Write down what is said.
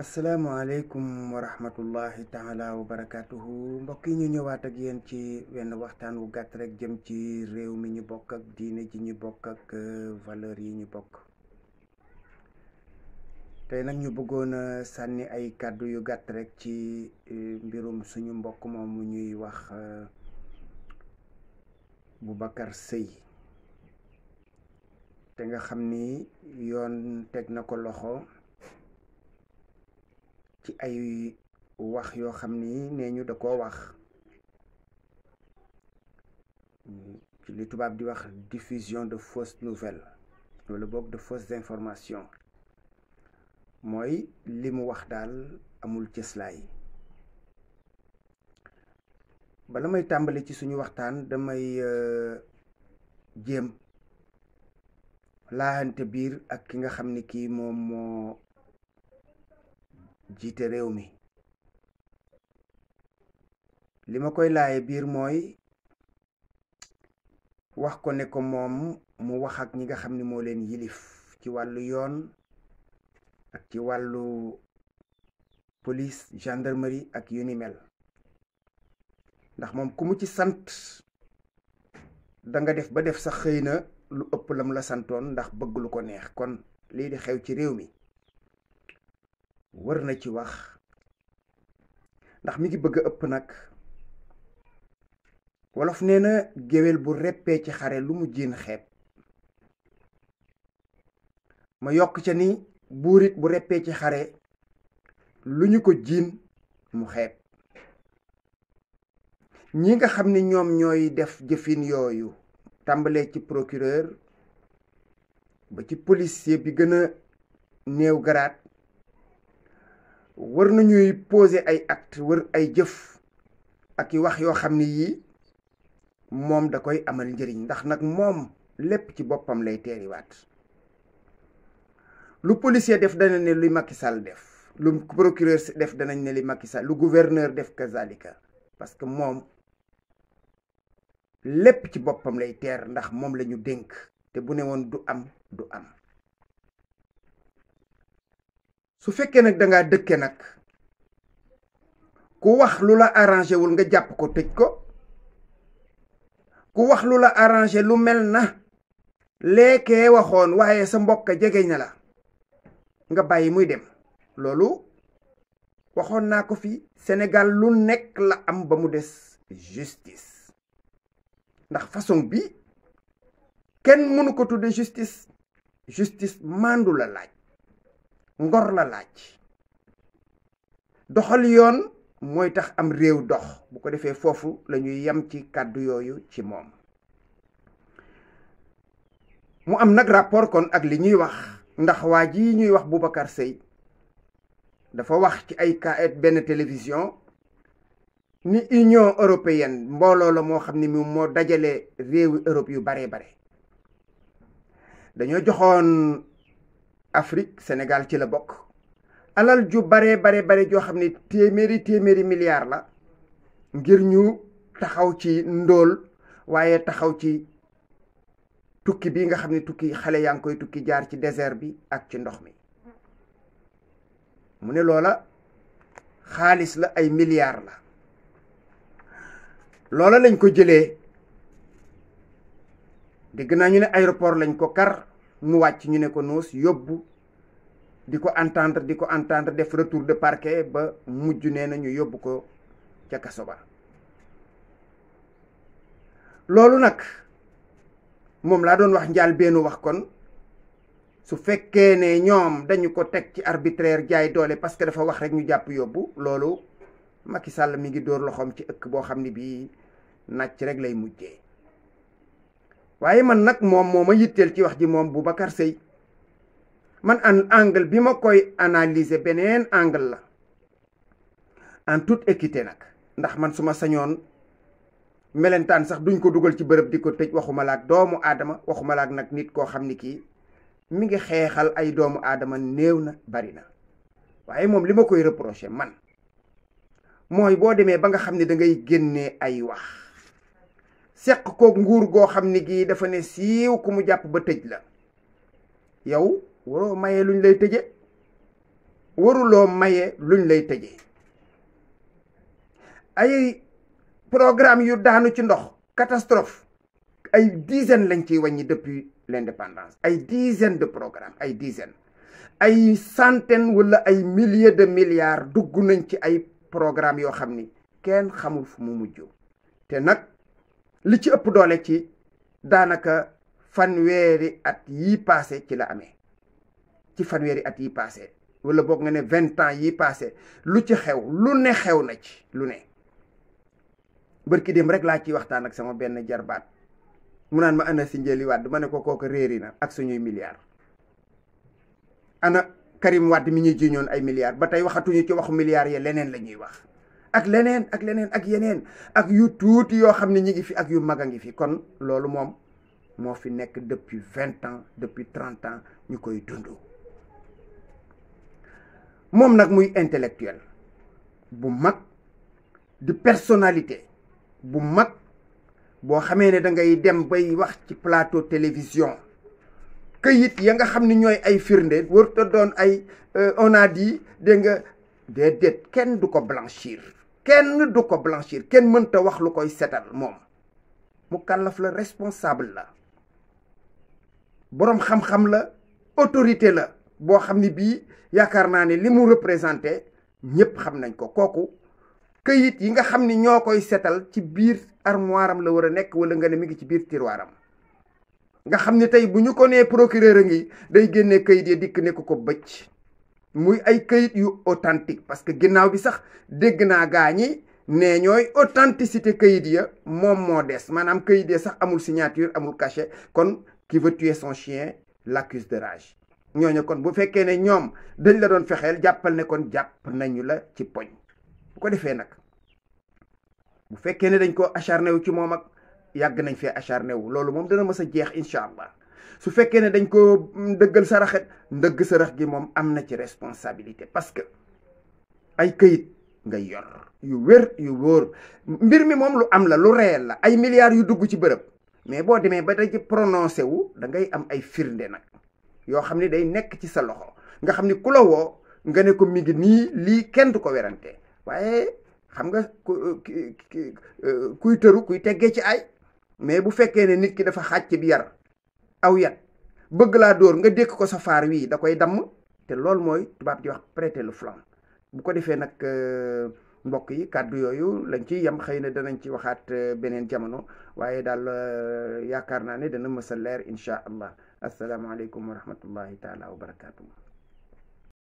asalaamualeykum wa rahmatullahi taala wa barakaatuhu mbokk yi ñu ñëwaat ak yéen ci wenn waxtaan wu gàtt rekk jëm ci réew mi ñu bokk ak diine ji ñu bokk ak euh, valeur yi ñu bokk tey nag ñu bëggoon a euh, sànni ay kàddu yu gàtt rekk ci euh, mbirum suñu mbokk moomu ñuy wax Boubacar Sèye te nga xam ni yoon teg na ko loxo ci ay wax yoo xam ni nee ñu da koo wax ci li tubaab di wax diffusion de fausses nouvelles wala boog de fausses informations mooy li mu wax daal amul cëslaay bala may tàmbali ci suñu waxtaan damay euh, jéem laaxante biir ak ki nga xam ni kii moom moo jiite réew mi li ma koy laaye biir mooy wax ko ne ko moom mu wax ak ñi nga xam ni moo leen yilif ci wàllu yoon ak ci wàllu police gendarmerie ak yu mel ndax moom ku mu ci sant danga def ba def sax xëy na lu ëpp lam la santoon ndax bëgg lu ko neex kon lii di xew ci réew mi war na ci wax ndax mi ngi bëgg ëpp nag wolof nee na géwél bu reppee ci xare lu mu jiin xeeb ma yokk ca ni buurit bu reppee ci xare lu ñu ko jiin mu xeeb ñi nga xam ni ñoom ñooy def jëfin yooyu tàmbalee ci procureur ba ci policier bi gën a néew garaat wër nañuy poser ay acte wër ay jëf ak i wax yoo xam ni yii moom da koy amal njëriñ ndax nag moom lépp ci boppam lay teeriwaat lu policier def dana ne li Macky def lu procureur def danañ ne li Macky lu gouverneur def kazalika parce que moom lépp ci boppam lay teer ndax moom lañu ñu dénk te bu ne woon du am du am su fekkee nag dangaa dëkke nag ku wax lu la arrangé wul nga jàpp ko tëj ko ku wax lu la arrangé lu mel na leekee waxoon waaye sa mbokk a jege na la nga bàyyi muy dem loolu waxoon naa ko fi Sénégal lu nekk la am ba mu des justice ndax façon bi kenn mënu ko tudde justice justice màndu la laaj ngor la laaj doxal yoon mooy tax am réew dox bu ko defee foofu lañuy yam ci kàddu yooyu ci moom mu am nag rapport kon ak li ñuy wax ndax waa ji ñuy wax Boubacar Seye dafa wax ci ay kaet benn télévision ni Union européenne mbooloo la moo xam ni mi moo dajale réewi Europe yu bare bare dañoo joxoon Afrique Sénégal ci la bokk alal ju bare bare bare joo xam ne téeméeri téeméeri milliards la ngir ñu taxaw ci ndool waaye taxaw ci tukki bi nga xam ne tukki xale yaa ngi koy tukki jaar ci désert bi ak ci ndox mi mu ne loola xaalis la ay milliards la loola lañ ko jëlee dégg naa ñu ne aéroport lañ ko kar mu wàcc ñu ne ko noos yóbbu di ko entendre di ko entendre def retour de parquet ba mujj nee na yóbbu ko ca kaso ba loolu nag moom laa doon wax njaal beenu wax kon su fekkee ne ñoom dañu ko teg ci arbitraire jaay doole parce que dafa wax rek ñu jàpp yóbbu loolu Macky Sall mi ngi dóor loxoom ci ëkk boo xam ne bii nàcc rek lay mujjee waaye man nag moom moo ma yitteel ci wax ji moom bu Boubacar Seye man an angle bi ma koy analyser beneen angle la en tout équité nag ndax man su ma sañoon melentaan sax duñ ko dugal ci bërëb di ko tëj waxuma laak doomu aadama waxuma laak nag nit koo xam ni kii mi ngi xeexal ay doomu aadama néew na bari na waaye moom li ma koy reprocher man mooy boo demee ba nga xam ni dangay génnee ay wax seq kook nguur goo xam ni gii dafa ne siiw ku mu jàpp ba tëj la yow waroo maye luñ lay tëje waruloo maye luñ lay tëje ay programme yu daanu ci ndox catastrophe ay dizaine lañ ciy wàññi depuis l'indépendance ay dizaine de programme ay dizaine ay centaine wala ay millier de milliards dugg nañ ci ay programme yoo xam ni kenn xamul fu mu mujj te nag li ci ëpp doole ci daanaka fanweeri at yi passé ci la amee ci fanweeri at yi passé wala boog nga ne vingt ans yii passé lu ci xew lu ne xew na ci lu ne bërki dem rek laa ciy waxtaan ak sama benn jarbaat mu naan ma ana si njëli Wade ma ne ko kooku réeri na ak suñuy milliards ana Karim Wade mi ñuy jiñoon ay milliards ba tey waxatuñu ci waxu milliards yi leneen la ñuy wax ak leneen ak leneen ak yeneen ak yu tuuti yoo xam ne ñi ngi fi ak yu mag a ngi fi kon loolu moom moo fi nekk depuis vingt ans depuis trente ans ñu koy dund moom nag muy intellectuel bu mag di personnalité bu mag boo xamee ne da ngay dem bay wax ci plateau télévision kayit ya nga xam ni ñooy ay firnde warut doon ay euh, on a dit nga déedéet kenn du ko blanchir kenn du ko blanchir kenn mënta wax lu koy setal moom mu kàllaf la responsable la boroom xam-xam la autorité la boo xam ni bii yaakaar naa ni li mu représenté ñépp xam nañ ko kooku këyit yi nga xam ni ñoo koy setal ci biir armoire am la war a nekk wala nga ne mi ngi ci biir tiroir nga xam ni tey bu ñu ko nee procureur a ngi day génne këyit ya dikk ne ko ko bëcc muy ay kayit yu authentique parce que ginnaaw bi sax dégg naa gaa ñi ñooy authenticité kayit ya moom moo des maanaam kayit ya sax amul signature amul cachet kon qui veut tuer son chien l'accuse de rage ñooñu kon bu fekkee ne ñoom dañ la doon fexeel jàppal ne kon jàpp nañu la ci poñ bu ko defee nag bu fekkee ne dañ ko acharné wu ci moom ak yàgg nañ fee acharné wu loolu moom dana mës a jeex incha allah su fekkee ne dañ ko dëggal saraxet ndëgg sarax gi moom am na ci responsabilité parce que ay këyit nga yor yu wér yu wóor mbir mi moom lu am la lu réel la ay milliards yu dugg ci bërëb mais boo demee ba dañ ci prononcé wu da ngay am ay firnde nag yoo xam ni day nekk ci sa loxo nga xam ni ku la woo nga ne ko mi ngi nii lii kenn du ko werante waaye xam nga kuy tëru kuy teggee ci ay mais bu fekkee ne nit ki dafa xàcc bi yar aw yat bëgg laa dóor nga dékk ko sa faar wii da koy damm te loolu mooy tubaab di wax prêter le flanc bu ko defee nag euh, mbokk yi kàddu yooyu lañ ci yem xëy na danañ ci waxaat euh, beneen jamono waaye daal euh, yaakaar naa ne dana mës leer incha allah asalaamaaleykum wa rahmatullahi taala wa barakaatu.